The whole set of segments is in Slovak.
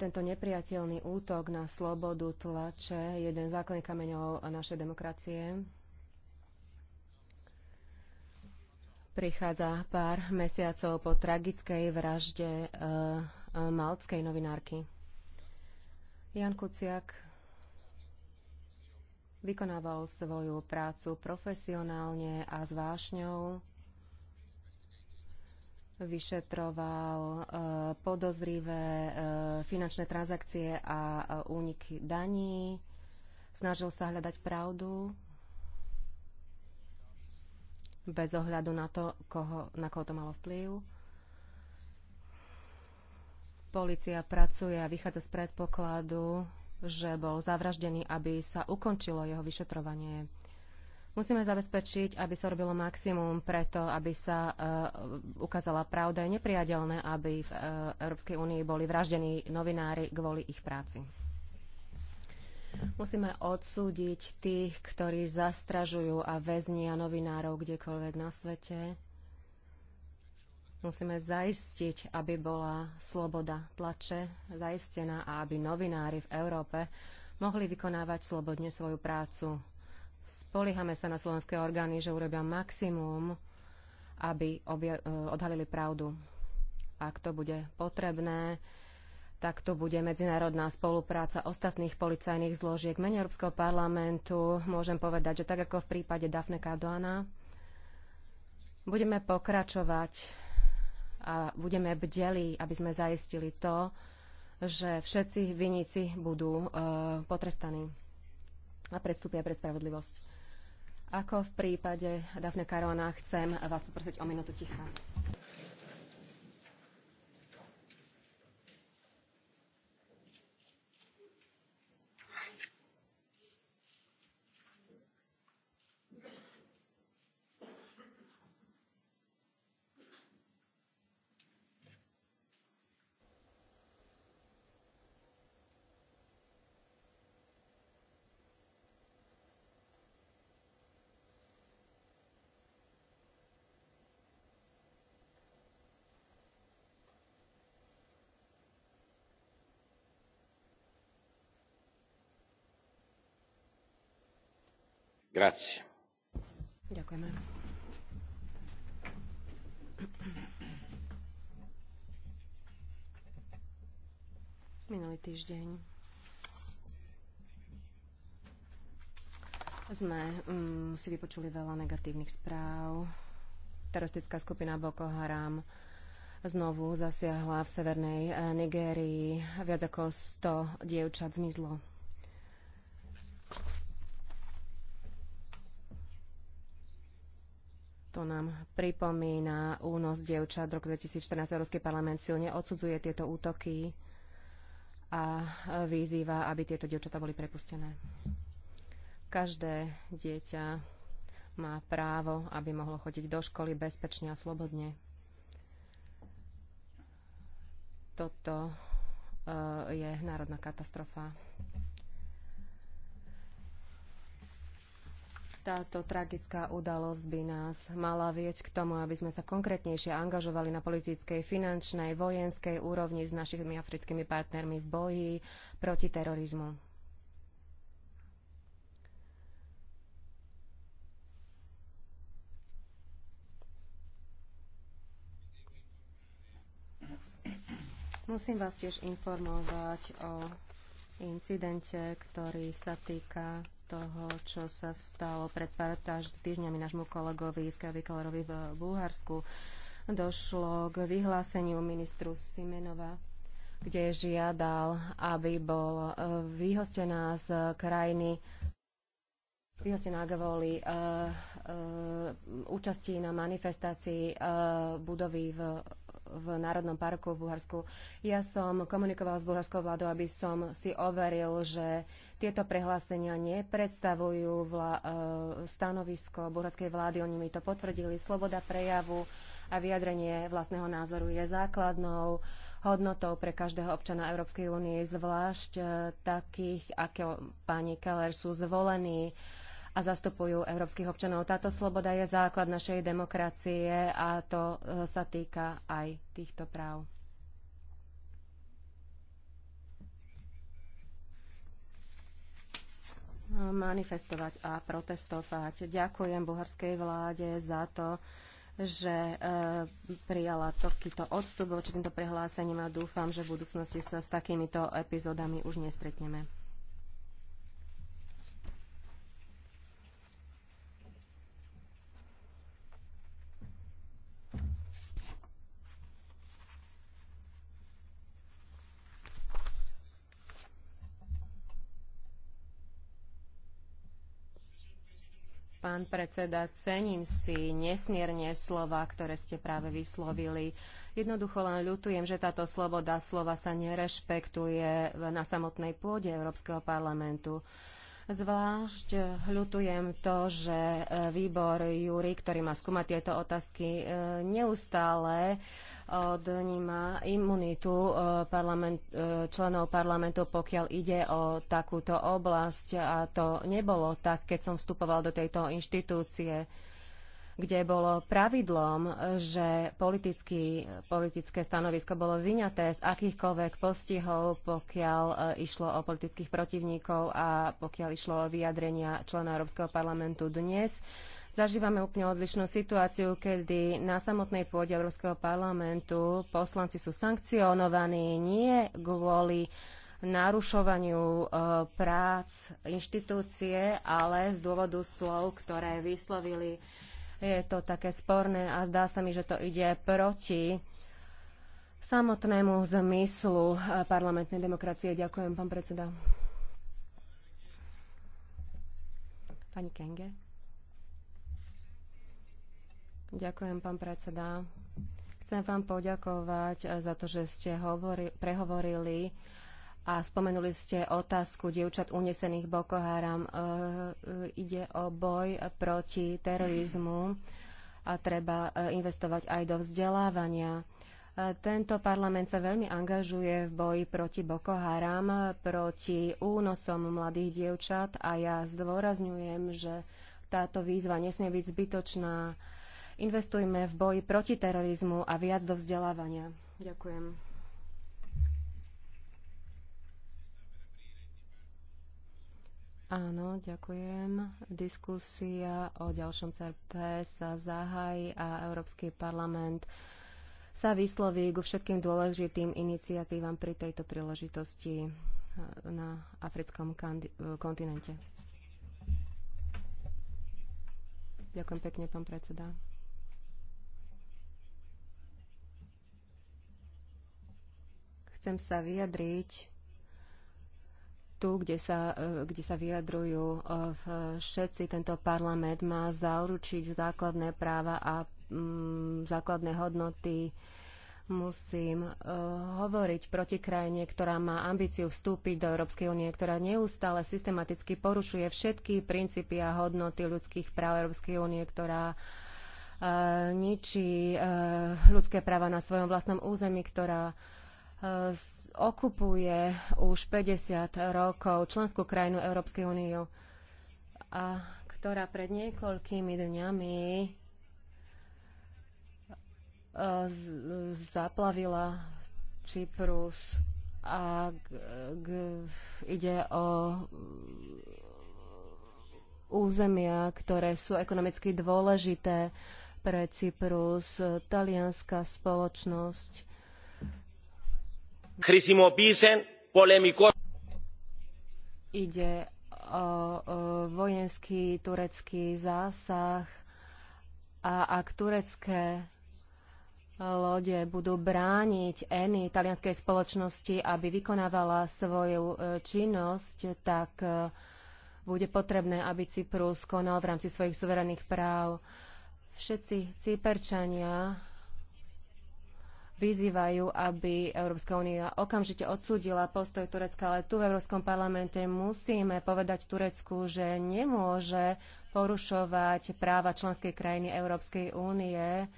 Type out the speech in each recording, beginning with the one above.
Tento nepriateľný útok na slobodu tlače jeden z základných kameňov našej demokracie. Prichádza pár mesiacov po tragickej vražde uh, eh, malckej novinárky. Jan Kuciak vykonával svoju prácu profesionálne a s vášňou vyšetroval e, podozrivé e, finančné transakcie a e, úniky daní, snažil sa hľadať pravdu bez ohľadu na to, koho, na koho to malo vplyv. Polícia pracuje a vychádza z predpokladu, že bol zavraždený, aby sa ukončilo jeho vyšetrovanie. Musíme zabezpečiť, aby sa robilo maximum preto, aby sa uh, ukázala pravda. Je nepriateľné, aby v uh, Európskej únii boli vraždení novinári kvôli ich práci. Musíme odsúdiť tých, ktorí zastražujú a väznia novinárov kdekoľvek na svete. Musíme zaistiť, aby bola sloboda tlače zaistená a aby novinári v Európe mohli vykonávať slobodne svoju prácu Spoliehame sa na slovenské orgány, že urobia maximum, aby e, odhalili pravdu. Ak to bude potrebné, tak to bude medzinárodná spolupráca ostatných policajných zložiek. Mene Európskeho parlamentu môžem povedať, že tak ako v prípade Dafne Kardoana, budeme pokračovať a budeme bdeli, aby sme zaistili to, že všetci vinici budú uh, potrestaní a predstúpia pred spravodlivosť. Ako v prípade Dafne Karona chcem vás poprosiť o minútu ticha. Ďakujeme. Minulý týždeň sme mm, si vypočuli veľa negatívnych správ. Teroristická skupina Boko Haram znovu zasiahla v severnej eh, Nigérii. Viac ako 100 dievčat zmizlo. To nám pripomína únos dievčat v roku 2014. Európsky parlament silne odsudzuje tieto útoky a vyzýva, aby tieto dievčatá boli prepustené. Každé dieťa má právo, aby mohlo chodiť do školy bezpečne a slobodne. Toto eh, je národná katastrofa. Táto tragická udalosť by nás mala viesť k tomu, aby sme sa konkrétnejšie angažovali na politickej, finančnej, vojenskej úrovni s našimi africkými partnermi v boji proti terorizmu. Musím vás tiež informovať o incidente, ktorý sa týka toho, čo sa stalo pred pár týždňami nášmu kolegovi Iskavi Kalerovi v Bulharsku. Došlo k vyhláseniu ministru Simenova, kde žiadal, aby bol e, vyhostená z krajiny vyhostená kvôli uh, uh, účasti na manifestácii uh, budovy v v Národnom parku v Bulharsku. Ja som komunikoval s bulharskou vládou, aby som si overil, že tieto prehlásenia nepredstavujú vla- e, stanovisko bulharskej vlády. Oni mi to potvrdili. Sloboda prejavu a vyjadrenie vlastného názoru je základnou hodnotou pre každého občana Európskej únie, zvlášť e, takých, ako pani Keller sú zvolení a zastupujú európskych občanov. Táto sloboda je základ našej demokracie a to e, sa týka aj týchto práv. manifestovať a protestovať. Ďakujem bulharskej vláde za to, že e, prijala takýto odstup voči týmto prehlásením a dúfam, že v budúcnosti sa s takýmito epizódami už nestretneme. Pán predseda, cením si nesmierne slova, ktoré ste práve vyslovili. Jednoducho len ľutujem, že táto sloboda slova sa nerešpektuje na samotnej pôde Európskeho parlamentu. Zvlášť ľutujem to, že e, výbor Júri, ktorý má skúmať tieto otázky, e, neustále odníma imunitu eh, parlament, eh, členov parlamentu, pokiaľ ide o takúto oblasť. A to nebolo tak, keď som vstupoval do tejto inštitúcie kde bolo pravidlom, že politické stanovisko bolo vyňaté z akýchkoľvek postihov, pokiaľ eh, išlo o politických protivníkov a pokiaľ išlo o vyjadrenia člena Európskeho parlamentu dnes. Zažívame úplne odlišnú situáciu, kedy na samotnej pôde Európskeho parlamentu poslanci sú sankcionovaní nie kvôli narušovaniu e, prác inštitúcie, ale z dôvodu slov, ktoré vyslovili. Je to také sporné a zdá sa mi, že to ide proti samotnému zmyslu e, parlamentnej demokracie. Ďakujem, pán predseda. Pani Kenge. Ďakujem, pán predseda. Chcem vám poďakovať eh, za to, že ste hovori, prehovorili a spomenuli ste otázku dievčat unesených Boko Haram. Eh, eh, ide o boj proti terorizmu a treba investovať aj do vzdelávania. Tento parlament sa veľmi angažuje v boji proti Boko Haram, proti únosom mladých dievčat a ja zdôrazňujem, že táto výzva nesmie byť zbytočná. Investujme v boji proti terorizmu a viac do vzdelávania. Ďakujem. Áno, ďakujem. Diskusia o ďalšom CP sa zahají a Európsky parlament sa vysloví ku všetkým dôležitým iniciatívam pri tejto príležitosti na africkom kontinente. Ďakujem pekne, pán predseda. Chcem sa vyjadriť tu, kde sa, e, kde sa vyjadrujú e, všetci. Tento parlament má zaručiť základné práva a mm, základné hodnoty. Musím uh, hovoriť proti krajine, ktorá má ambíciu vstúpiť do Európskej únie, ktorá neustále systematicky porušuje všetky princípy a hodnoty ľudských práv Európskej únie, ktorá uh, ničí uh, ľudské práva na svojom vlastnom území, ktorá uh, Eh, okupuje už 50 rokov členskú krajinu Európskej únie a ktorá pred niekoľkými dňami eh, zaplavila Cyprus a ide o územia, ktoré sú ekonomicky dôležité pre Cyprus, talianská spoločnosť Ide o, vojenský turecký zásah a ak turecké lode budú brániť eny talianskej spoločnosti, aby vykonávala svoju e, činnosť, tak e, bude potrebné, aby Cyprus konal v rámci svojich suverénnych práv. Všetci Cyperčania vyzývajú, aby Európska únia okamžite odsúdila postoj Turecka, ale tu v Európskom parlamente musíme povedať Turecku, že nemôže porušovať práva členskej krajiny Európskej únie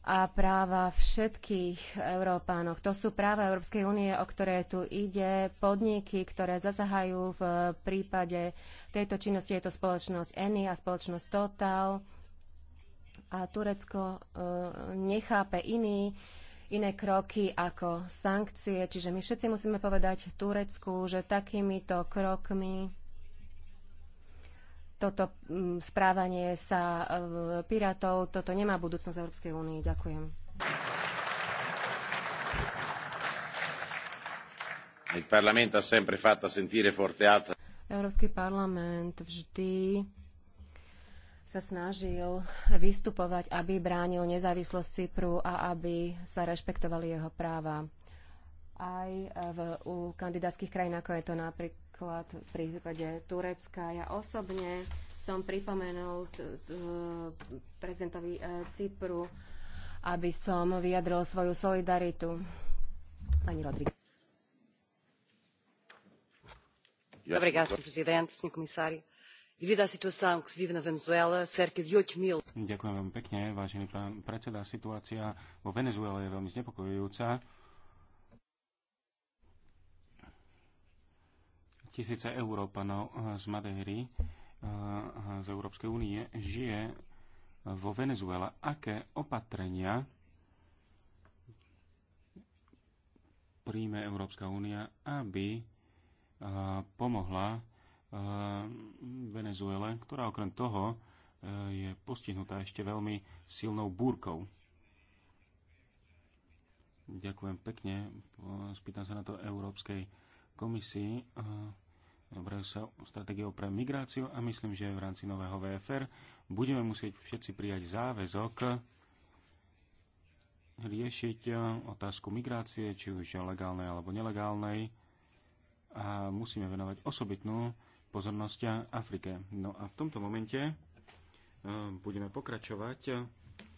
a práva všetkých Európánov. To sú práva Európskej únie, o ktoré tu ide, podniky, ktoré zasahajú v prípade tejto činnosti, je to spoločnosť ENI a spoločnosť Total a Turecko e, nechápe iný, iné kroky ako sankcie. Čiže my všetci musíme povedať Turecku, že takýmito krokmi toto správanie sa e, pirátov, toto nemá budúcnosť Európskej únie. Ďakujem. Európsky parlament vždy sa snažil vystupovať, aby bránil nezávislosť Cypru a aby sa rešpektovali jeho práva. Aj v, u kandidátskych krajín, ako je to napríklad v prípade Turecka. Ja osobne som pripomenul prezidentovi e, Cypru, aby som vyjadril svoju solidaritu. Pani Rodríguez. Dobrý, gás, prezident, sní komisári. Devido à na Venezuela, cerca de 8 mil... Ďakujem veľmi pekne, vážený pán predseda. Situácia vo Venezuele je veľmi znepokojujúca. Tisíce Európanov z Madeiry, eh, z Európskej únie, žije vo Venezuela. Aké opatrenia príjme Európska únia, aby eh, pomohla Venezuele, ktorá okrem toho e, je postihnutá ešte veľmi silnou búrkou. Ďakujem pekne. Spýtam sa na to Európskej komisii. Vrajú sa stratégiou pre migráciu a myslím, že v rámci nového VFR budeme musieť všetci prijať záväzok riešiť otázku migrácie, či už legálnej alebo nelegálnej. A musíme venovať osobitnú pozornosť Afrike. No a v tomto momente eh, budeme pokračovať